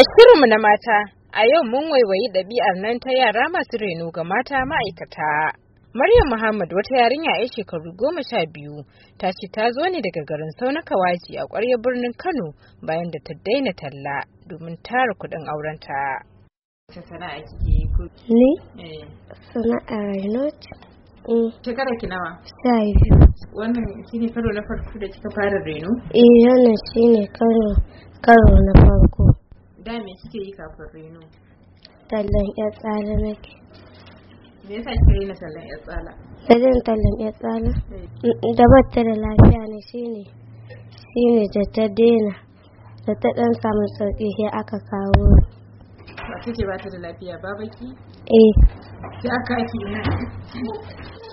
A shirinmu na mata, a yau mun waiwayi ɗabi'ar nan ta yara masu reno ga mata ma'aikata. Maryam Muhammad wata yarinya ya shekaru goma sha biyu ta ce ta zo ne daga garin Sauna Kawaji a ƙwarya birnin Kano bayan da ta daina talla domin tara kuɗin aurenta. Ta Ni? Eh. Sana'a eh. Shekara Wannan shi karo na farko da kika fara reno? Eh, wannan shi ne karo na farko. da me kike yi kafin reno tallan ya tsala nake me yasa kike rena tallan ya tsala tallan tallan ya tsala da batta da lafiya ne shine shine da ta dena da ta dan samu sauki sai aka kawo ba kike ba ta da lafiya ba baki eh sai aka ki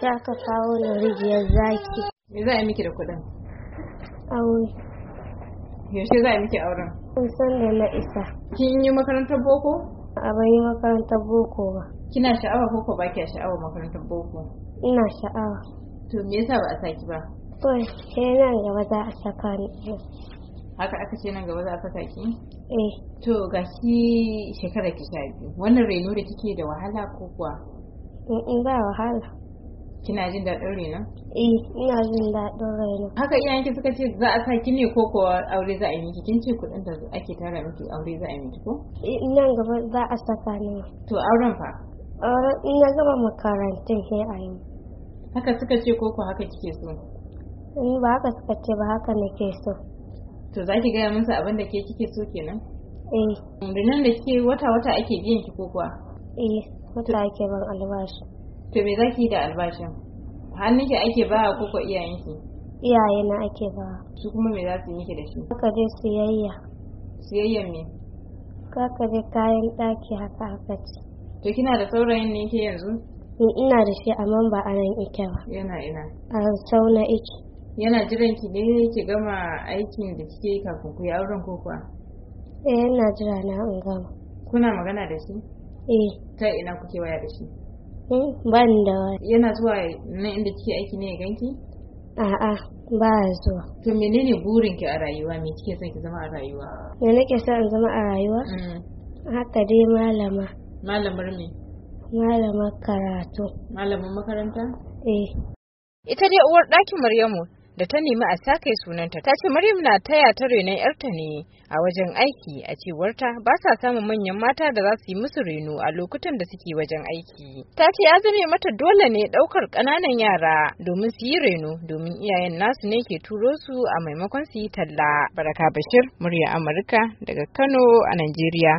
sai aka kawo ne rijiyar zaki me za a yi miki da kuɗin aure Yaushe za a miki auren? Kusan da na isa. Kin yi makarantar boko? A ban yi makarantar boko ba. Kina sha'awa ko ko baki sha'awa makarantar boko? Ina sha'awa. To me yasa ba a saki ba? To sai nan gaba za a saka ni. Haka aka ce nan gaba za a saka ki? Eh. To ga shi shekara ki sha biyu. Wannan reno da kike da wahala ko kuwa? In ba wahala. kina jin daɗin raina? eh ina jin daɗin raina. haka iyayenki suka ce za a sa ki ne ko kuwa aure za a yi miki kin ce kuɗin da ake tara miki aure za a yi miki ko eh, nan gaba za a saka ne. to auren fa auren ina gama makarantun sai a yi haka suka ce ko kuwa haka kike so ni ba haka suka ce ba haka nake so to za ki gaya musu abin da ke kike so kenan eh Rinan da ke wata wata ake biyan ki ko kuwa eh wata ake ban albashi to me zaki da albashin hannunki ake ba ko ko iyayenki iyaye na ake ba su kuma me za su yi miki da shi haka je siyayya siyayya me haka je kayan ɗaki haka haka ce to kina da saurayin ne ke yanzu ina da shi amma ba a nan ike ba yana ina a sauna ike yana jiran ki ne ki gama aikin da kike yi kafin ku yi auren ko kuwa eh yana jira na in gama kuna magana da shi eh ta ina kuke waya da shi Eh, ban da wani yana zuwa na inda kike aiki ne ya ganki a'a ba zuwa to menene burin ki a rayuwa me kike son ki zama a rayuwa me nake son zama a rayuwa mm. haka dai malama malamar me malamar karatu malamar makaranta eh ita dai uwar ɗakin maryamu da ta nemi a sake sunanta ta ce Maryam na taya ta renon yarta ne a wajen aiki a cewarta ba sa samun manyan mata da za su yi musu reno a lokutan da suke wajen aiki. Ta ce ya zame mata dole ne ɗaukar ƙananan yara domin su yi reno domin iyayen nasu ne ke turo su a maimakon su yi talla. Baraka Bashir, murya Amurka daga Kano a Najeriya.